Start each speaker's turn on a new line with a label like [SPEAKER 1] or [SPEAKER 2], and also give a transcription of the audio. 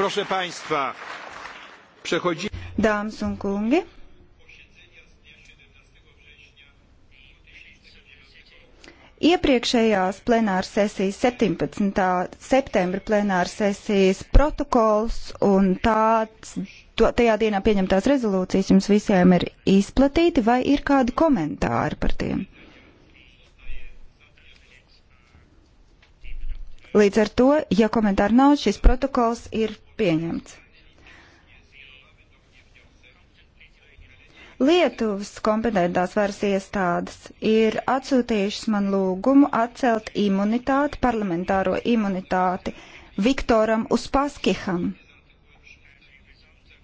[SPEAKER 1] Proszę Państwa, przechodzimy.
[SPEAKER 2] Dāmas un kungi, Iepriekšējās plenāras sesijas 17. septembra plenāras sesijas protokols un tāds, to, tajā dienā pieņemtās rezolūcijas jums visiem ir izplatīti, vai ir kādi komentāri par tiem? Līdz ar to, ja komentāri nav, šis protokols ir pieņemts. Lietuvas kompetentās varas iestādes ir atsūtījušas man lūgumu atcelt imunitāti, parlamentāro imunitāti Viktoram Uspaskiham.